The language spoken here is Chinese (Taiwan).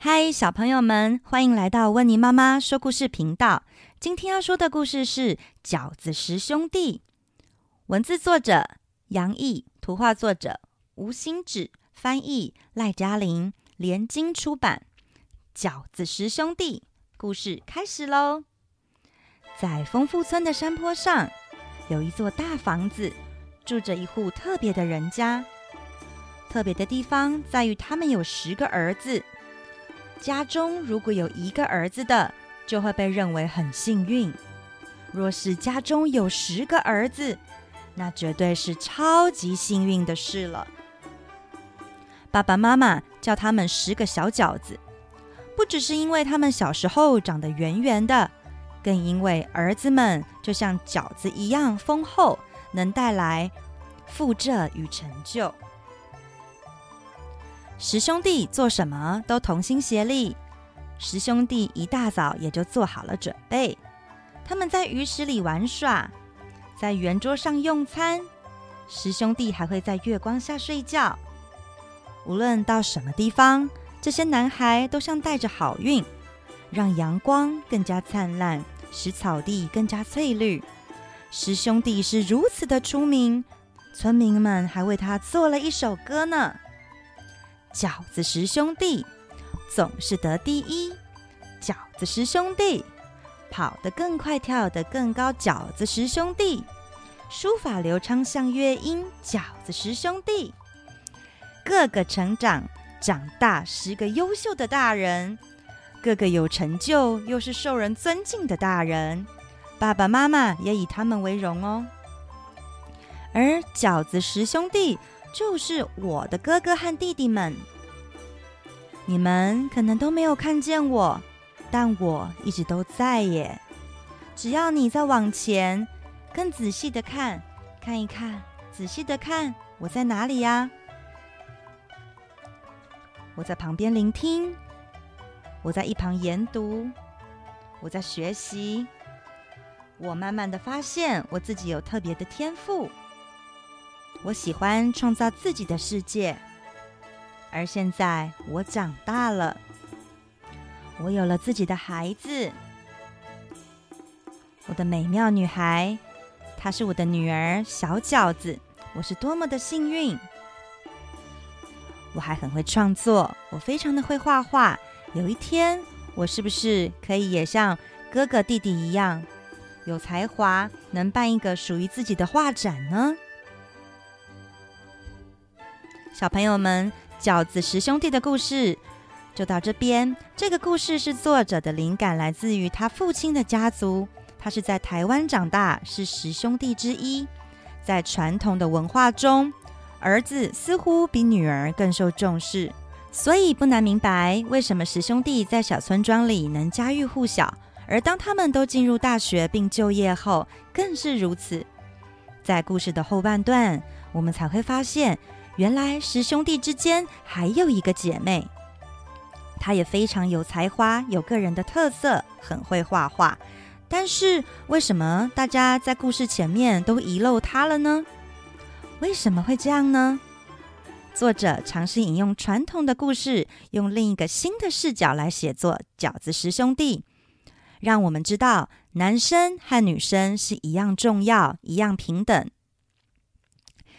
嗨，Hi, 小朋友們，歡迎來到溫妮媽媽說故事頻道。今天要說的故事是《餃子十兄弟》，文字作者揚逸，圖畫作者吳欣芷，翻譯賴嘉綾，聯經出版。《餃子十兄弟》故事開始嘍。在豐富村的山坡上，有一座大房子，住着一戶特別的人家。特別的地方在於，他們有十個兒子。家中如果有一個兒子的，就會被認為很幸運；若是家中有十個兒子，那絕對是超級幸運的事了。爸爸媽媽叫他們十個小餃子，不只是因為他們小時候長得圓圓的，更因為兒子們就像餃子一樣豐厚，能帶來富庶與成就。十兄弟做什麼都同心協力。十兄弟一大早也就做好了準備，他們在魚池裡玩耍，在圓桌上用餐。十兄弟還會在月光下睡覺。無論到什麼地方，這些男孩都像帶着好運，讓陽光更加燦爛，使草地更加翠綠。十兄弟是如此的出名，村民們還為他做了一首歌呢。餃子十兄弟總是得第一。餃子十兄弟跑得更快，跳得更高。餃子十兄弟書法流暢，像樂音。餃子十兄弟個個成長長大，十個優秀的大人，個個有成就，又是受人尊敬的大人。爸爸媽媽也以他們為榮哦。而餃子十兄弟。就是我的哥哥和弟弟們，你們可能都沒有看見我，但我一直都在耶！只要你再往前，更仔細的看，看一看，仔細的看，我在哪裡呀？我在旁邊聆聽，我在一旁研讀，我在學習，我慢慢的發現我自己有特別的天賦。我喜歡創造自己的世界，而現在我長大了，我有了自己的孩子，我的美妙女孩，她是我的女兒小餃子，我是多麼的幸運！我還很會創作，我非常的會畫畫。有一天，我是不是可以也像哥哥弟弟一樣，有才華，能辦一個屬於自己的畫展呢？小朋友們，《餃子十兄弟》的故事就到這邊。這個故事是作者的靈感來自於他父親的家族。他是在台灣長大，是十兄弟之一。在傳統的文化中，兒子似乎比女兒更受重視，所以不難明白為什麼十兄弟在小村莊裡能家喻戶曉。而當他們都進入大學並就業後，更是如此。在故事的後半段，我們才會發現。原來十兄弟之間還有一個姐妹，她也非常有才華，有個人的特色，很會畫畫。但是為什麼大家在故事前面都遺漏她了呢？為什麼會這樣呢？作者嘗試引用傳統的故事，用另一個新的視角來寫作《餃子十兄弟》，讓我們知道男生和女生是一樣重要，一樣平等。